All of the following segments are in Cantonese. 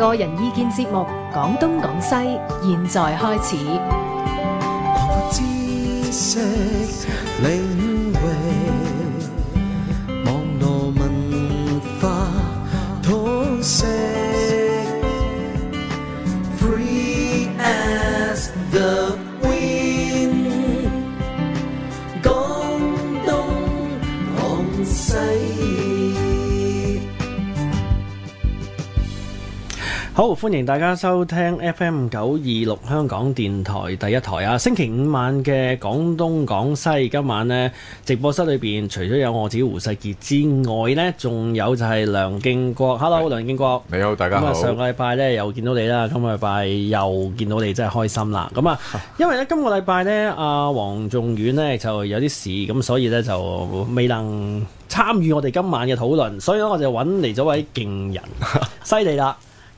個人意見節目《講東講西》，現在開始。 好，歡迎大家收聽 FM 9 2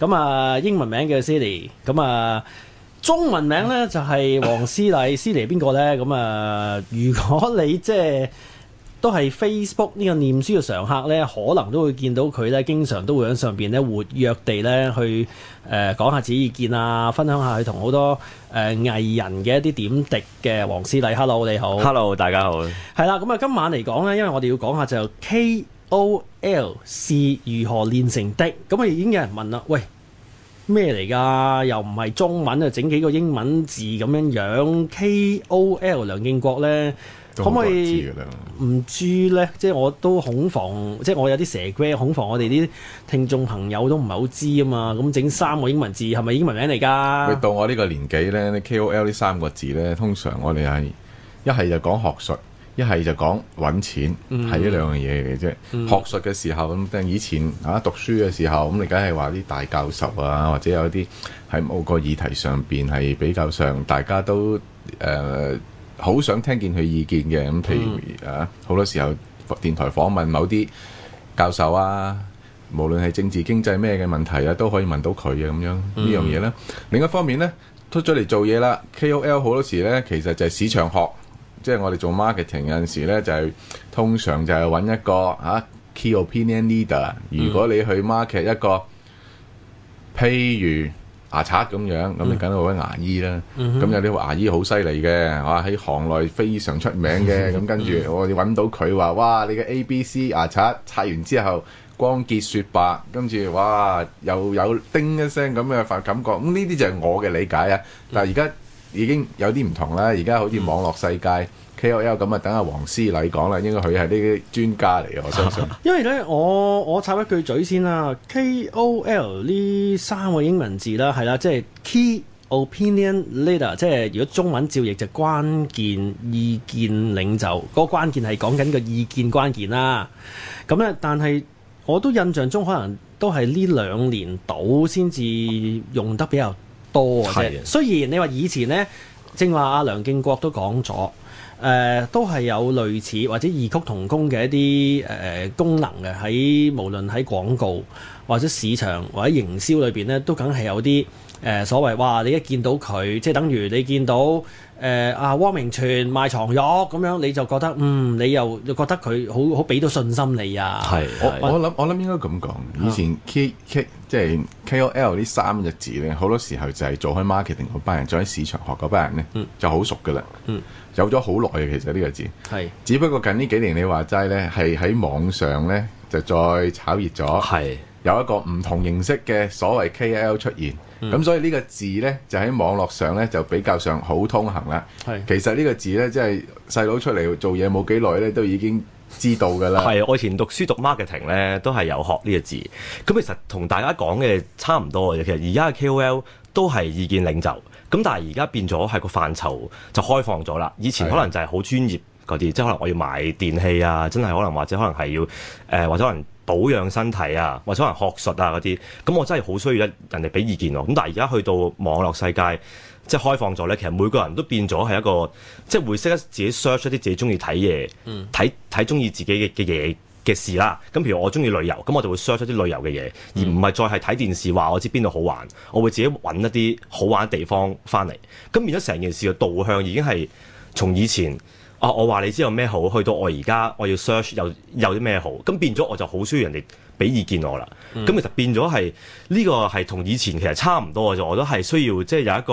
咁啊，英文名叫 Siri，咁啊，中文名呢就係、是、黃司禮，Siri 邊個呢？咁啊，如果你即係都係 Facebook 呢個唸書嘅常客呢，可能都會見到佢呢，經常都會喺上邊咧活躍地呢去誒講、呃、下自己意見啊，分享下佢同好多誒藝、呃、人嘅一啲點滴嘅黃司禮，Hello 你好，Hello 大家好，係啦，咁啊今晚嚟講呢，因為我哋要講下就 K。KOL 是如何練成的？咁啊已經有人問啦，喂，咩嚟㗎？又唔係中文啊，整幾個英文字咁樣樣。KOL 梁建國呢？可唔可以唔知呢？即係我都恐防，即係我有啲蛇嘅恐防，我哋啲聽眾朋友都唔係好知啊嘛。咁整三個英文字係咪英文名嚟㗎？到我呢個年紀呢，KOL 呢三個字呢，通常我哋係一係就講學術。一係就講揾錢係一，嗯，兩樣嘢嚟啫。嗯嗯，學術嘅時候咁，以前啊讀書嘅時候咁，你梗係話啲大教授啊，或者有啲喺某個議題上邊係比較上大家都誒好，呃，想聽見佢意見嘅。咁譬如，嗯，啊，好多時候電台訪問某啲教授啊，無論係政治經濟咩嘅問題啊，都可以問到佢嘅咁樣呢樣嘢呢，另一方面呢，出咗嚟做嘢啦，KOL 好多時呢，其實就係市場學。即係我哋做 marketing 有陣時呢，就係、是、通常就係揾一個啊、啊、key opinion leader。如果你去 market 一個譬如牙刷咁樣，咁你梗係位牙醫啦。咁、嗯、哼有啲牙醫好犀利嘅，哇、啊、喺行內非常出名嘅。咁、嗯、哼跟住我揾到佢話：哇，你嘅 A、B、C 牙刷刷完之後光潔雪白，跟住哇又有叮一聲咁嘅發感覺。咁呢啲就係我嘅理解啊。但係而家。嗯已經有啲唔同啦，而家好似網絡世界 KOL 咁啊，等阿黃司禮講啦，應該佢係呢啲專家嚟嘅，我相信。因為咧，我我插一句嘴先啦，KOL 呢三個英文字啦，係啦，即係 Key Opinion Leader，即係如果中文照譯就關鍵意見領袖，嗰個關鍵係講緊個意見關鍵啦。咁咧，但係我都印象中可能都係呢兩年到先至用得比較多嘅，的雖然你話以前呢，正話阿梁敬國都講咗，誒、呃、都係有類似或者異曲同工嘅一啲誒、呃、功能嘅，喺無論喺廣告或者市場或者營銷裏邊呢，都梗係有啲。誒、呃、所謂哇！你一見到佢，即係等於你見到誒、呃、啊汪明荃賣牀褥咁樣，你就覺得嗯，你又又覺得佢好好俾到信心你啊！係，我我諗是我諗應該咁講，以前 K、啊、K, K 即係 K O L 呢三隻字咧，好多時候就係做開 marketing 嗰班人，做喺市場學嗰班人咧，嗯、就好熟噶啦，嗯、有咗好耐嘅其實呢個字係是是，只不過近呢幾年你話齋咧，係喺網上咧就再炒熱咗係。有一個唔同形式嘅所謂 KOL 出現，咁、嗯、所以呢個字呢，就喺網絡上呢，就比較上好通行啦。係是，其實呢個字呢，即係細佬出嚟做嘢冇幾耐呢，都已經知道㗎啦。係，我以前讀書讀 marketing 呢，都係有學呢個字。咁其實同大家講嘅差唔多嘅。其實而家嘅 KOL 都係意見領袖，咁但係而家變咗係個範疇就開放咗啦。以前可能就係好專業嗰啲，的即係可能我要買電器啊，真係可能或者可能係要誒、呃、或者可能。保養身體啊，或者可能學術啊嗰啲，咁我真係好需要一人哋俾意見喎、啊。咁但係而家去到網絡世界，即係開放咗咧，其實每個人都變咗係一個，即係會識得自己 search 一啲自己中意睇嘢，睇睇中意自己嘅嘅嘢嘅事啦、啊。咁譬如我中意旅遊，咁我就會 search 一啲旅遊嘅嘢，而唔係再係睇電視話我知邊度好玩，我會自己揾一啲好玩嘅地方翻嚟。咁變咗成件事嘅導向已經係從以前。啊！我話你知有咩好，去到我而家我要 search 又有啲咩好，咁變咗我就好需要人哋俾意見我啦。咁其實變咗係呢個係同以前其實差唔多嘅啫。我都係需要即係、就是、有一個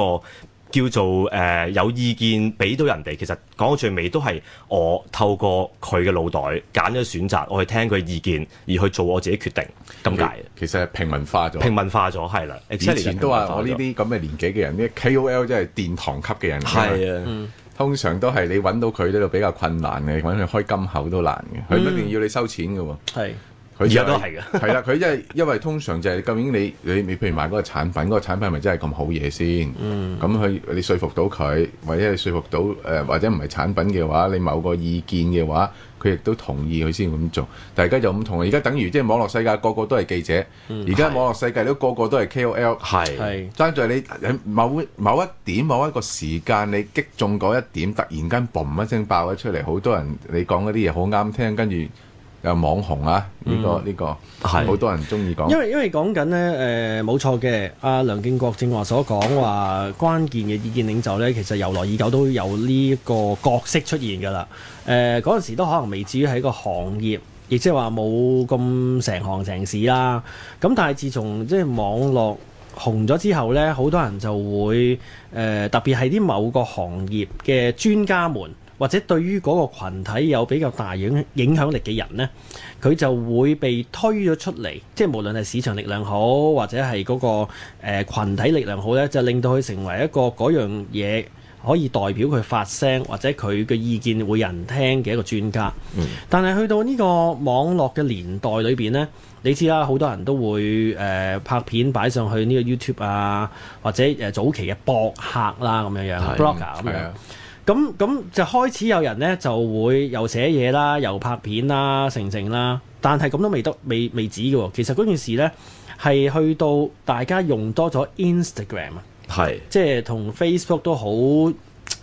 叫做誒、呃、有意見俾到人哋。其實講到最尾都係我透過佢嘅腦袋揀咗選擇，我去聽佢意見而去做我自己決定。咁解？其實係平民化咗。平民化咗係啦。以前，以前都話我呢啲咁嘅年紀嘅人，啲 KOL 真係殿堂級嘅人嚟。啊的。嗯通常都係你揾到佢呢度比較困難嘅，揾佢開金口都難嘅，佢一定要你收錢㗎喎。嗯，係。佢而家都係嘅，係啦、就是，佢因為因為通常就係究竟你你你譬如買嗰個產品，嗰、嗰個產品係咪真係咁好嘢先？咁佢、嗯，你說服到佢，或者你說服到誒、呃，或者唔係產品嘅話，你某個意見嘅話，佢亦都同意佢先咁做。但而家就唔同，而家等於即係網絡世界個個都係記者，而家、嗯、網絡世界都的個個都係 KOL，係。爭在你某某一點、某一個時間，你擊中嗰一點，突然間嘣一聲爆咗出嚟，好多人你講嗰啲嘢好啱聽，跟住。有網紅啊！呢、嗯這個呢、這個係好的多人中意講。因為因為講緊呢，誒冇錯嘅，阿梁敬國正話所講話關鍵嘅意見領袖呢，其實由來已久，都有呢一個角色出現㗎啦。誒嗰陣時都可能未至於喺個行業，亦即係話冇咁成行成市啦。咁但係自從即係網絡紅咗之後呢，好多人就會誒、呃、特別係啲某個行業嘅專家們。或者對於嗰個羣體有比較大影影響力嘅人呢佢就會被推咗出嚟，即係無論係市場力量好，或者係嗰、嗰個、呃、羣體力量好呢就令到佢成為一個嗰樣嘢可以代表佢發聲，或者佢嘅意見會人聽嘅一個專家。嗯、但係去到呢個網絡嘅年代裏邊呢你知啦，好多人都會誒、呃、拍片擺上去呢個 YouTube 啊，或者誒、呃、早期嘅博客啦咁樣樣，blogger 咁樣。咁咁就開始有人咧，就會又寫嘢啦，又拍片啦，成成啦。但係咁都未得，未未止嘅、哦。其實嗰件事咧，係去到大家用多咗 Instagram 啊是，係即係同 Facebook 都好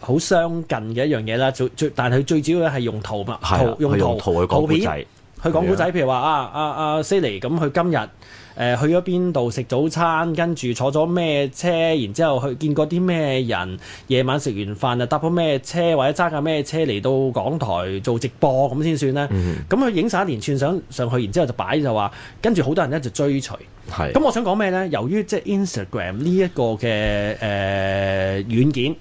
好相近嘅一樣嘢啦。最最但係最主要嘅係用圖物、啊、圖用圖，用圖去講古仔，片啊、去講古仔。譬如話啊啊啊西尼咁，佢、啊、今日，誒去咗邊度食早餐，跟住坐咗咩車，然之後去見過啲咩人？夜晚食完飯啊，搭咗咩車或者揸架咩車嚟到港台做直播咁先算啦。咁佢影晒一連串相上去，然之後就擺就話，跟住好多人一直追隨。係的。咁我想講咩呢？由於即係 Instagram 呢一個嘅誒、呃、軟件，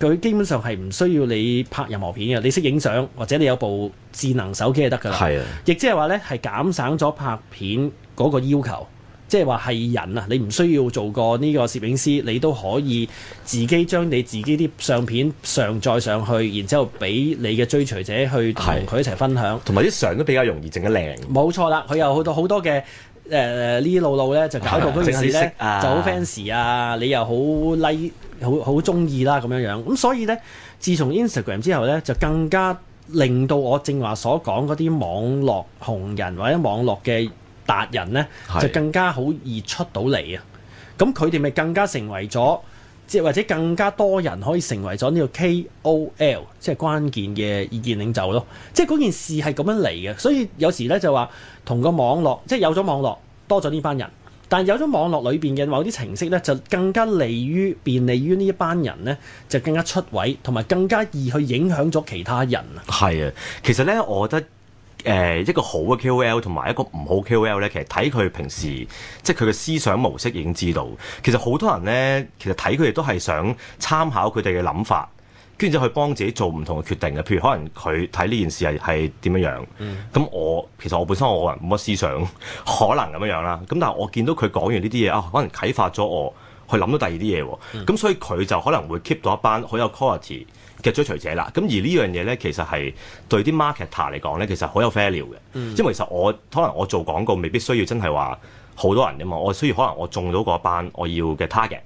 佢基本上係唔需要你拍任何片嘅，你識影相或者你有部智能手機就得㗎啦。亦即係話呢，係減省咗拍片嗰個要求。即係話係人啊！你唔需要做過呢個攝影師，你都可以自己將你自己啲相片上載上去，然之後俾你嘅追隨者去同佢一齊分享。同埋啲相都比較容易整得靚。冇錯啦，佢有好多好多嘅誒呢路路呢，就搞到陣時呢就好 fans 啊！你又好 like 好好中意啦咁樣樣。咁、嗯、所以呢，自從 Instagram 之後呢，就更加令到我正話所講嗰啲網絡紅人或者網絡嘅達人呢的就更加好易出到嚟啊！咁佢哋咪更加成為咗，即係或者更加多人可以成為咗呢個 KOL，即係關鍵嘅意見領袖咯。即係嗰件事係咁樣嚟嘅，所以有時呢，就話同個網絡，即係有咗網絡多咗呢班人，但有咗網絡裏邊嘅某啲程式呢，就更加利於便利於呢一班人呢，就更加出位同埋更加易去影響咗其他人啊！係啊，其實呢，我覺得。誒一個好嘅 KOL 同埋一個唔好 KOL 咧，其實睇佢平時即係佢嘅思想模式已經知道。其實好多人咧，其實睇佢哋都係想參考佢哋嘅諗法，跟住去幫自己做唔同嘅決定嘅。譬如可能佢睇呢件事係係點樣樣，咁、嗯、我其實我本身我個人冇乜思想，可能咁樣樣啦。咁但係我見到佢講完呢啲嘢啊，可能啟發咗我去諗到第二啲嘢。咁、嗯、所以佢就可能會 keep 到一班好有 quality 嘅追隨者啦，咁而呢樣嘢咧，其實係對啲 marketer 嚟講咧，其實好有 value 嘅。嗯、因為其實我可能我做廣告未必需要真係話好多人啫嘛，我需要可能我中到個班我要嘅 target。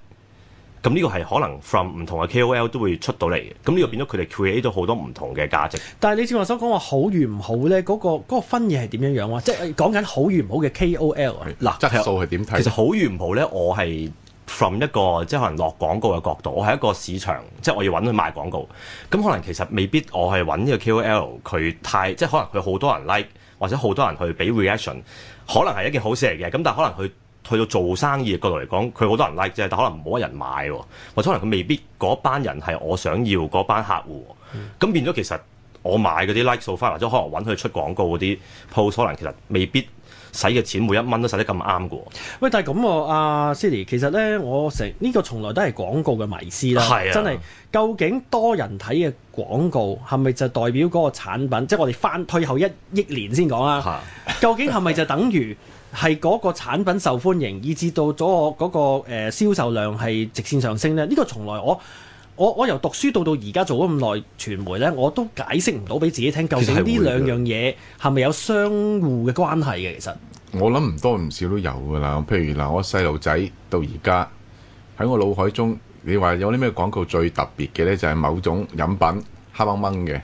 咁呢個係可能 from 唔同嘅 KOL 都會出到嚟，嘅。咁呢個變咗佢哋 create 到好多唔同嘅價值。嗯、但係你正話所講話好與唔好咧，嗰、嗰個嗰個分野係點樣樣啊？即係講緊好與唔好嘅 KOL、啊。嗱，質素係點睇？其實好與唔好咧，我係。from 一個即係可能落廣告嘅角度，我係一個市場，即係我要揾佢賣廣告。咁可能其實未必我係揾呢個 KOL，佢太即係可能佢好多人 like，或者好多人去俾 reaction，可能係一件好事嚟嘅。咁但係可能佢去到做生意嘅角度嚟講，佢好多人 like 啫，但可能冇乜人買喎，或者可能佢未必嗰班人係我想要嗰班客戶。咁、嗯、變咗其實我買嗰啲 like 數翻，或者可能揾佢出廣告嗰啲 post，可能其實未必。使嘅錢每一蚊都使得咁啱㗎喎。喂，但係咁喎，阿、啊、Siri，其實呢，我成呢、這個從來都係廣告嘅迷思啦。啊、真係究竟多人睇嘅廣告係咪就代表嗰個產品？即係我哋翻退後一億年先講啦。啊、究竟係咪就等於係嗰個產品受歡迎，以至到咗嗰、那個誒、呃、銷售量係直線上升呢？呢、這個從來我。我我由讀書到到而家做咗咁耐傳媒呢，我都解釋唔到俾自己聽，究竟呢兩樣嘢係咪有相互嘅關係嘅？其實我諗唔多唔少都有㗎啦。譬如嗱，我細路仔到而家喺我腦海中，你話有啲咩廣告最特別嘅呢？就係某種飲品，黑掹掹嘅。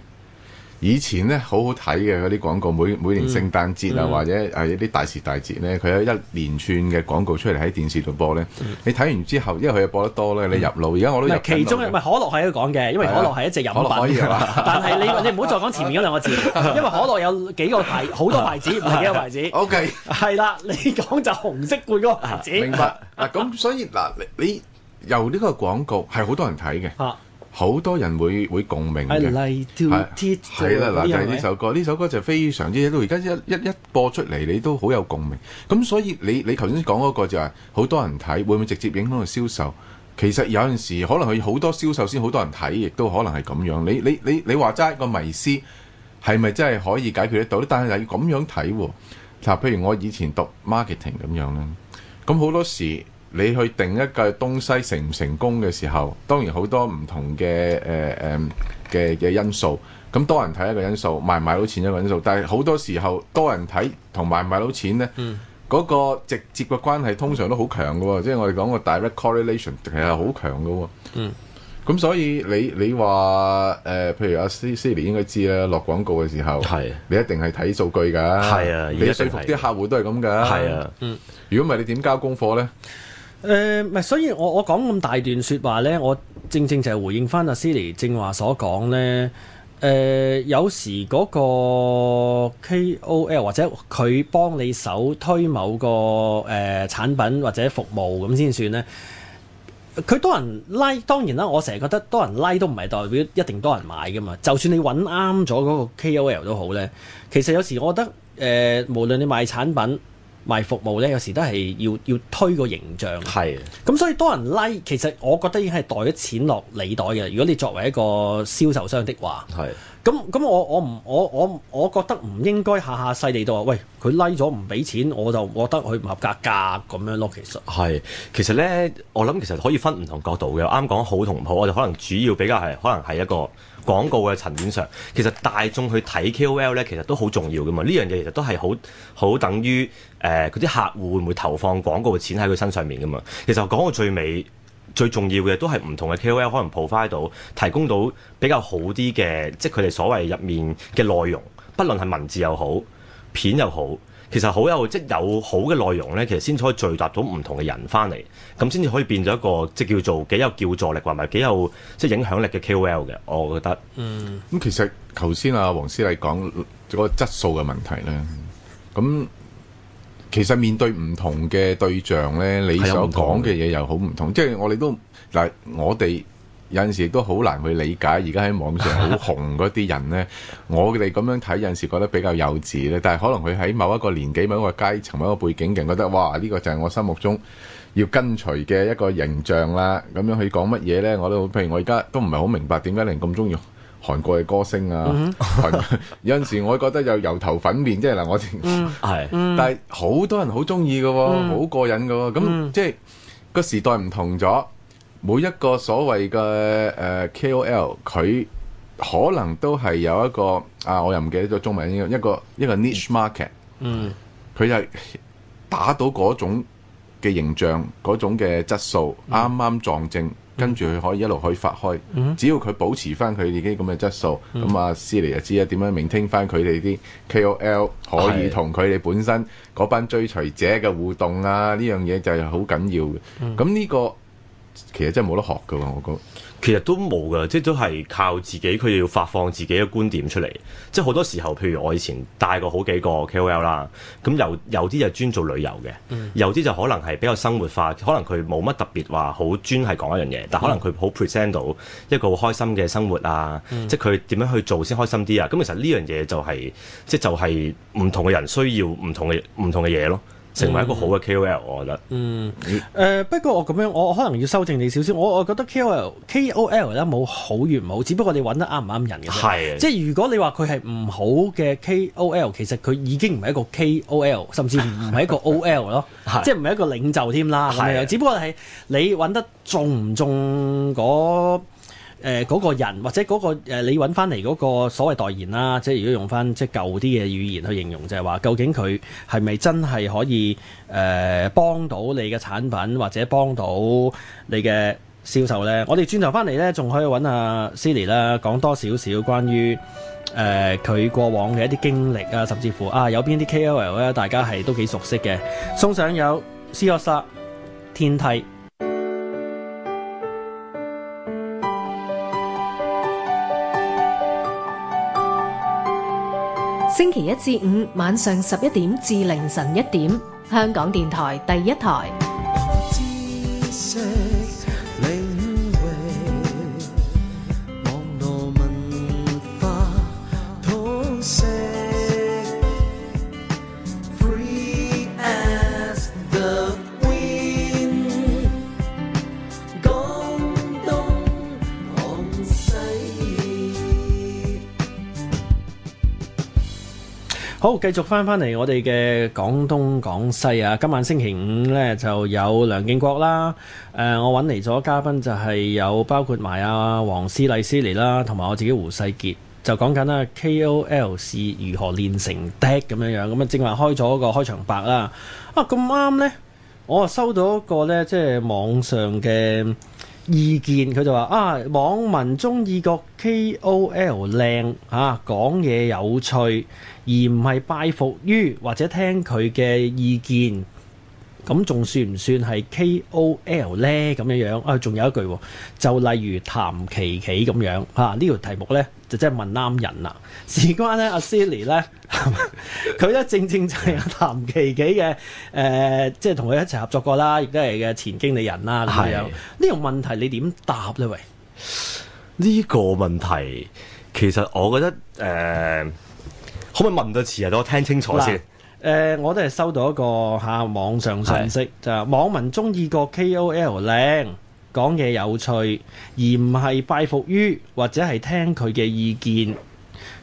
以前咧好好睇嘅嗰啲廣告，每每年聖誕節啊，嗯、或者係一啲大時大節咧，佢有一連串嘅廣告出嚟喺電視度播咧。嗯、你睇完之後，因為佢又播得多咧，你入腦。而家我都其中，一係可樂係度講嘅，因為可樂係一隻飲品。啊、可，可以啊。但係你 你唔好再講前面嗰兩個字，因為可樂有幾個牌，好多牌子唔係幾個牌子。啊、OK，係啦，你講就紅色罐嗰個牌子。啊、明白啊？咁所以嗱、啊，你，你由呢個廣告係好多人睇嘅。啊。好多人會會共鳴嘅，係啦、like，嗱就係、是、呢首歌，呢的首歌就非常之都，而家一一一播出嚟，你都好有共鳴。咁所以你你頭先講嗰個就係、是、好多人睇，會唔會直接影響個銷售？其實有陣時可能佢好多銷售先好多人睇，亦都可能係咁樣。你你你你話齋個迷思係咪真係可以解決得到咧？但係又要咁樣睇喎、啊。嗱，譬如我以前讀 marketing 咁樣啦，咁好多時。你去定一個東西成唔成功嘅時候，當然好多唔同嘅誒誒嘅嘅因素。咁多人睇一個因素，賣唔賣到錢一個因素。但係好多時候，多人睇同賣唔賣到錢咧，嗰、嗯、個直接嘅關係通常都好強㗎喎。即係我哋講個 direct correlation 其實係好強㗎喎。咁、嗯、所以你你話誒、呃，譬如阿 Siri 應應該知啦，落廣告嘅時候，啊、你一定係睇數據㗎。啊、你説服啲客戶都係咁㗎。如果唔係你點交功課咧？誒唔、呃、所以我我講咁大段説話呢，我正正就係回應翻阿司禮正話所講呢。誒、呃、有時嗰個 KOL 或者佢幫你手推某個誒、呃、產品或者服務咁先算呢。佢多人拉、like, 當然啦，我成日覺得多人拉、like、都唔係代表一定多人買噶嘛。就算你揾啱咗嗰個 KOL 都好呢。其實有時我覺得誒、呃，無論你賣產品。賣服務呢，有時都係要要推個形象。係。咁所以多人 like，其實我覺得已經係袋咗錢落你袋嘅。如果你作為一個銷售商的話，係是的。咁咁我我唔我我我覺得唔應該下下勢地都話，喂，佢拉咗唔俾錢，我就我覺得佢唔合格㗎咁樣咯。其實係其實呢，我諗其實可以分唔同角度嘅。啱講好同唔好，我就可能主要比較係可能係一個。廣告嘅層面上，其實大眾去睇 KOL 咧，其實都好重要㗎嘛。呢樣嘢其實都係好好等於誒嗰啲客戶會唔會投放廣告嘅錢喺佢身上面㗎嘛。其實講到最尾，最重要嘅都係唔同嘅 KOL 可能 provide 到提供到比較好啲嘅，即係佢哋所謂入面嘅內容，不論係文字又好。片又好，其實好有即係有好嘅內容呢，其實先可以聚集到唔同嘅人翻嚟，咁先至可以變咗一個即叫做幾有叫座力，或者幾有即係影響力嘅 KOL 嘅，我覺得。嗯。咁其實頭先阿黃司禮講嗰個質素嘅問題呢，咁其實面對唔同嘅對象呢，你所講嘅嘢又好唔同，同即係我哋都嗱我哋。有陣時都好難去理解，而家喺網上好紅嗰啲人呢， 我哋咁樣睇有陣時覺得比較幼稚咧。但係可能佢喺某一個年紀、某一個階層、某一個背景，認覺得哇，呢、呢個就係我心目中要跟隨嘅一個形象啦。咁樣佢講乜嘢呢？我都譬如我而家都唔係好明白點解你咁中意韓國嘅歌星啊。Mm hmm. 有陣時我覺得又油頭粉面，即係嗱，我係、mm，hmm. 但係好多人好中意嘅喎，好、mm hmm. 過癮嘅喎、哦。咁即係個時代唔同咗。每一個所謂嘅誒、呃、KOL，佢可能都係有一個啊，我又唔記得咗中文呢個一個一個 niche market，嗯，佢就打到嗰種嘅形象，嗰種嘅質素，啱啱撞正，嗯、跟住佢可以一路可以發開，嗯、只要佢保持翻佢哋啲咁嘅質素，咁、嗯、啊，思嚟就知啊點樣 maintain 翻佢哋啲 KOL 可以同佢哋本身嗰班追隨者嘅互動啊，呢樣嘢就係好緊要嘅，咁呢、嗯呢個。其實真係冇得學嘅喎，我覺得其實都冇嘅，即係都係靠自己。佢要發放自己嘅觀點出嚟，即係好多時候，譬如我以前帶過好幾個 KOL 啦，咁有有啲就專做旅遊嘅，嗯、有啲就可能係比較生活化，可能佢冇乜特別話好專係講一樣嘢，但可能佢好 present 到一個好開心嘅生活啊，嗯、即係佢點樣去做先開心啲啊。咁其實呢樣嘢就係即係就係、是、唔同嘅人需要唔同嘅唔同嘅嘢咯。成為一個好嘅 KOL，我覺得嗯。嗯，誒、呃、不過我咁樣，我可能要修正你少少。我我覺得 KOL KOL 咧，冇好與唔好，只不過你揾得啱唔啱人嘅。係。是的 即係如果你話佢係唔好嘅 KOL，其實佢已經唔係一個 KOL，甚至唔係一個 OL 咯。 是的 即係唔係一個領袖添啦。係啊是的。只不過係你揾得中唔中嗰？誒嗰、呃，那個人或者嗰、那個、呃、你揾翻嚟嗰個所謂代言啦，即係如果用翻即係舊啲嘅語言去形容，就係、是、話究竟佢係咪真係可以誒、呃、幫到你嘅產品或者幫到你嘅銷售呢？我哋轉頭翻嚟呢，仲可以揾阿 Cindy 啦，講多少少關於誒佢、呃、過往嘅一啲經歷啊，甚至乎啊有邊啲 KOL 呢，大家係都幾熟悉嘅。送上有 COS 天梯。星期一至五晚上十一點至凌晨一點，香港電台第一台。好，繼續翻返嚟我哋嘅廣東廣西啊！今晚星期五呢，就有梁敬國啦，誒、呃，我揾嚟咗嘉賓就係有包括埋阿黃司禮司嚟啦，同埋我自己胡世杰，就講緊啦 KOL 是如何練成的咁樣樣，咁啊正話開咗個開場白啦。啊，咁啱呢，我收到一個呢，即係網上嘅。意見佢就話啊，網民鍾意個 KOL 靚啊，講嘢有趣，而唔係拜服於或者聽佢嘅意見。咁仲算唔算係 KOL 咧？咁樣樣啊，仲、哎、有一句，就例如譚琪琪咁樣啊。呢、這、條、個、題目咧，就真係問啱人啦。事關咧，阿、啊、Silly 咧，佢咧 正正就係阿譚琪琪嘅，誒、呃，即係同佢一齊合作過啦，亦都係嘅前經理人啦咁樣。的樣呢條問題你點答咧？喂，呢個問題其實我覺得誒、呃，可唔可以問到詞啊？我聽清楚先。誒、嗯，我都係收到一個嚇、啊、網上信息，的就係、是、網民中意個 KOL 靚，講嘢有趣，而唔係拜服於或者係聽佢嘅意見。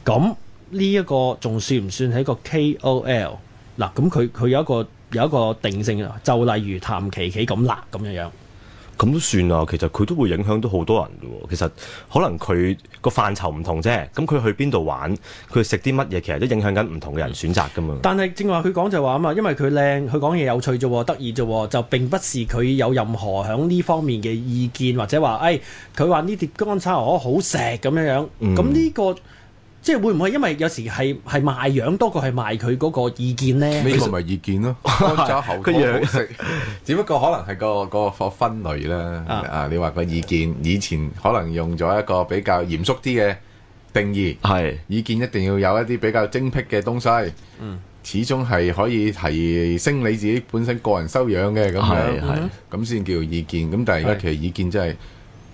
咁呢一個仲算唔算係一個 KOL？嗱，咁佢佢有一個有一個定性就例如譚琪琪咁啦咁樣樣。咁都算啦，其實佢都會影響到好多人嘅喎。其實可能佢個範疇唔同啫，咁佢去邊度玩，佢食啲乜嘢，其實都影響緊唔同嘅人選擇噶嘛。但係正話佢講就話啊嘛，因為佢靚，佢講嘢有趣啫，得意啫，就並不是佢有任何響呢方面嘅意見，或者話，誒、哎，佢話呢碟乾炒河好食咁樣樣，咁呢、嗯呢個。即係會唔會因為有時係係賣樣多過係賣佢嗰個意見呢？呢個咪意見咯，講渣口講好食，只不過可能係個個分類啦。啊，你話個意見以前可能用咗一個比較嚴肅啲嘅定義，係意見一定要有一啲比較精闢嘅東西。嗯，始終係可以提升你自己本身個人修養嘅，咁係係咁先叫做意見。咁但係而家其實意見真係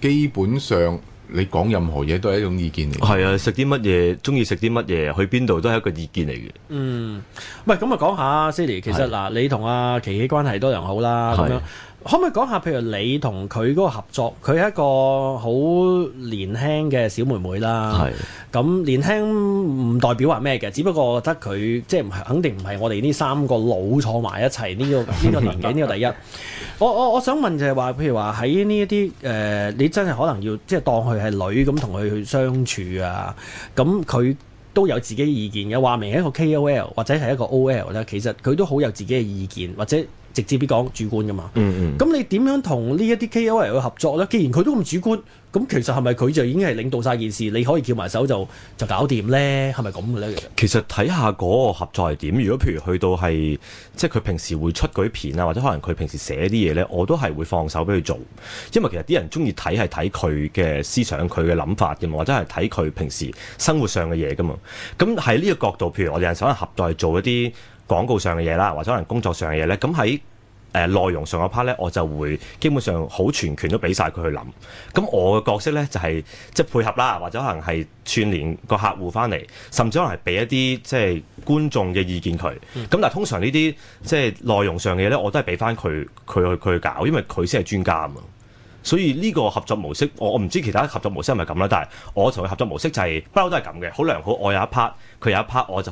基本上。你講任何嘢都係一種意見嚟，係啊！食啲乜嘢，中意食啲乜嘢，去邊度都係一個意見嚟嘅。嗯，喂，咁啊講下 Cindy 其實嗱是，你同阿琪琪關係都良好啦，咁是樣。可唔可以講下，譬如你同佢嗰個合作，佢係一個好年輕嘅小妹妹啦。咁是的、嗯、年輕唔代表話咩嘅，只不過我覺得佢即係唔係，肯定唔係我哋呢三個老坐埋一齊呢、呢個呢、呢個年紀呢個第一。 我我我想問就係話，譬如話喺呢一啲誒，你真係可能要即係當佢係女咁同佢去相處啊。咁佢都有自己意見嘅，話明係一個 KOL 或者係一個 OL 咧，其實佢都好有自己嘅意見或者。直接啲講主觀噶嘛，咁、嗯、你點樣同呢一啲 KOL 去合作咧？既然佢都咁主觀，咁其實係咪佢就已經係領導晒件事，你可以翹埋手就就搞掂咧？係咪咁嘅咧？其實睇下嗰個合作係點。如果譬如去到係即係佢平時會出啲片啊，或者可能佢平時寫啲嘢咧，我都係會放手俾佢做，因為其實啲人中意睇係睇佢嘅思想、佢嘅諗法嘅嘛，或者係睇佢平時生活上嘅嘢噶嘛。咁喺呢個角度，譬如我哋係想合作去做一啲廣告上嘅嘢啦，或者可能工作上嘅嘢呢，咁喺誒內容上嗰 part 呢，我就會基本上好全權都俾晒佢去諗。咁我嘅角色呢，就係、係、即係配合啦，或者可能係串聯個客戶翻嚟，甚至可能係俾一啲即係觀眾嘅意見佢。咁、嗯、但係通常呢啲即係內容上嘅嘢呢，我都係俾翻佢佢去去搞，因為佢先係專家啊嘛。所以呢個合作模式，我我唔知其他合作模式係咪咁啦，但係我同佢合作模式就係不嬲都係咁嘅，好良好。我有一 part，佢有一 part，我就